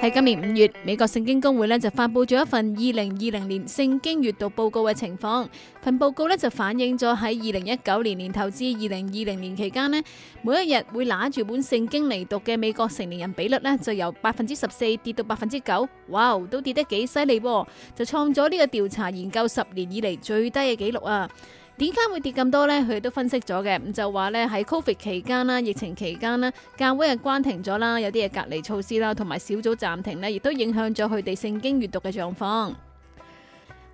喺今年五月，美國聖經公會呢就發布咗一份二零二零年聖經閱讀報告嘅情況。份報告呢就反映咗喺二零一九年年頭至二零二零年期間呢，每一日會拿住本聖經嚟讀嘅美國成年人比率呢就由百分之十四跌到百分之九。哇，都跌得幾犀利噃，就創咗呢個調查研究十年以嚟最低嘅紀錄啊！點解會跌咁多呢？佢都分析咗嘅，咁就話咧喺 COVID 期間啦，疫情期間啦，教會係關停咗啦，有啲嘢隔離措施啦，同埋小組暫停咧，亦都影響咗佢哋聖經閱讀嘅狀況。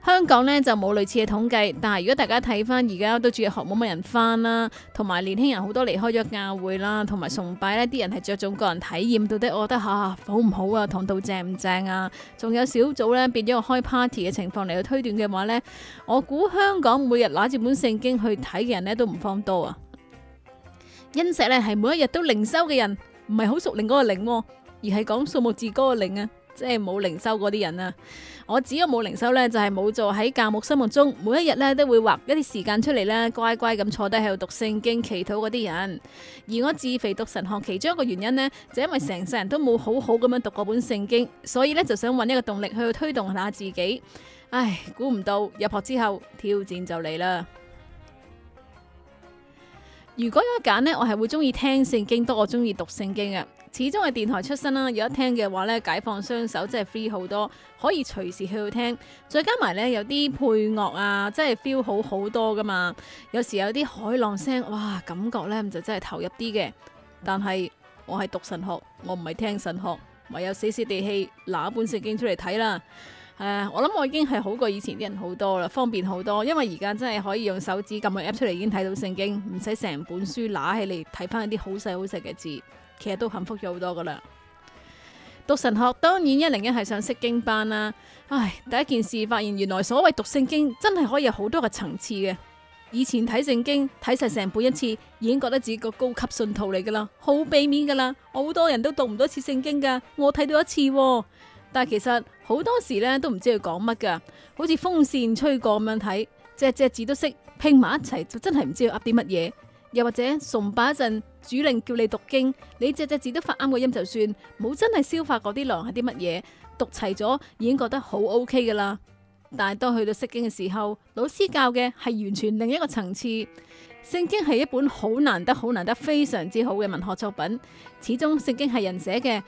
香港呢就冇類似嘅統計，但係如果大家睇返而家都主日學冇乜人返啦，同埋年輕人好多離開咗教會啦，同埋崇拜呢啲人係著重個人體驗，到底我覺得嚇好唔好啊？堂道正唔正啊？仲有小組呢變咗個開 party 嘅情況嚟去推斷嘅話呢，我估香港每日攞住本聖經去睇嘅人呢都唔方多啊。恩石呢係每一日都靈修嘅人，唔係好熟另外個靈，而係講數目字嗰個靈啊。即係冇靈修嗰啲人啊。我只要冇靈修呢，就係冇做喺教牧心目中，每一日呢都會劃一啲時間出嚟呢，乖乖咁坐低喺度讀聖經、祈禱嗰啲人。而我自肥讀神學，其中一個原因呢，就因為成世人都冇好好咁樣讀過本聖經，所以呢就想揾一個動力去推動下自己。唉，估唔到入學之後挑戰就嚟啦。如果有一揀呢，我係會中意聽聖經多，我中意讀聖經啊。始終係電台出身啦，有得聽嘅話呢，解放雙手真係 free 好多，可以隨時去聽。再加埋呢，有啲配樂啊，真係 feel 好好多㗎嘛。有時有啲海浪聲，哇，感覺呢就真係投入啲嘅。但係我係讀神學，我唔係聽神學，唯有死死地氣拿本聖經出嚟睇啦。誒、啊，我諗我已經係好過以前啲人好多啦，方便好多，因為而家真係可以用手指撳個 app 出嚟，已經睇到聖經，唔使成本書拿起嚟睇翻一啲好細好細嘅字，其實都幸福咗好多噶啦。讀神學當然一零一係上釋經班啦，唉，第一件事發現原來所謂讀聖經真係可以有好多個層次嘅。以前睇聖經睇晒成本一次，已經覺得自己個高級信徒嚟噶啦，好俾面噶啦，好多人都讀唔到一次聖經噶，我睇到一次、哦。但其實好多時咧都唔知佢講乜噶，好似風扇吹過咁樣睇，只隻字都識拼埋一齊就真係唔知佢噏啲乜嘢。又或者崇拜一陣，主領叫你讀經，你只隻字都發啱個音就算，冇真係消化嗰啲浪係啲乜嘢，讀齊咗已經覺得好 OK 噶啦。但係當去到釋經嘅時候，老師教嘅係完全另一個層次。聖經係一本好難得、好難得、非常之好嘅文學作品。始終聖經係人寫嘅。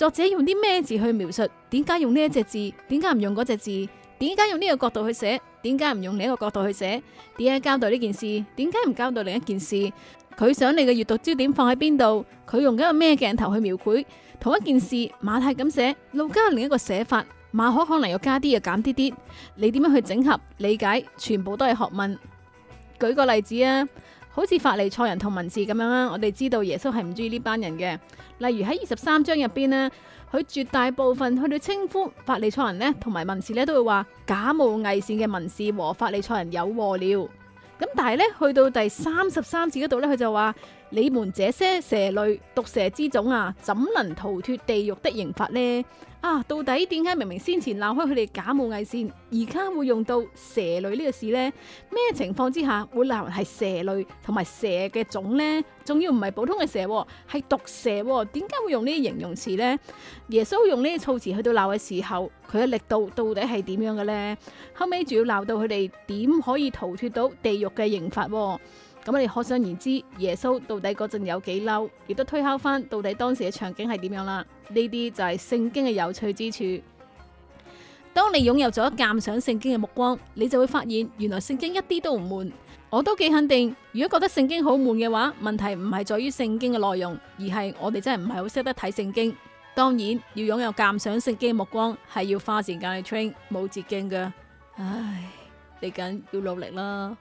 作者用啲咩字去描述？點解用呢一隻字？點解唔用嗰隻字？點解用呢個角度去寫？點解唔用另一個角度去寫？點解交代呢件事？點解唔交代另一件事？佢想你嘅閱讀焦點放喺邊度？佢用一個咩鏡頭去描繪？同一件事，馬太咁寫，路加另一個寫法，馬可可能要加啲又減啲啲。你點樣去整合理解？全部都係學問。舉個例子啊。好似法利賽人同文士咁樣啦，我哋知道耶穌係唔中意呢班人嘅。例如喺二十三章入邊呢，佢絕大部分去到稱呼法利賽人呢，同埋文士呢，都會話假冒偽善嘅文士和法利賽人有禍了。咁但係呢，去到第三十三節嗰度呢，佢就話。你們這些蛇類、毒蛇之種啊，怎能逃脫地獄的刑罰呢？啊，到底點解明明先前鬧開佢哋假冒偽善，而家會用到蛇類呢個字呢？咩情況之下會鬧係蛇類同埋蛇嘅種呢？仲要唔係普通嘅蛇，係毒蛇，點解會用呢啲形容詞呢？耶穌用呢啲措辭去到鬧嘅時候，佢嘅力度到底係點樣嘅呢？後尾仲要鬧到佢哋點可以逃脫到地獄嘅刑罰？咁你可想而知，耶穌到底嗰陣有幾嬲，亦都推敲翻，到底當時嘅場景係點樣啦。呢啲就係聖經嘅有趣之處。當你擁有咗鑒賞聖經嘅目光，你就會發現原來聖經一啲都唔悶。我都幾肯定，如果覺得聖經好悶嘅話，問題唔係在於聖經嘅內容，而係我哋真係唔係好識得睇聖經。當然，要擁有鑒賞聖經嘅目光，係要花時間去 train，冇捷徑噶。唉，嚟緊要努力啦。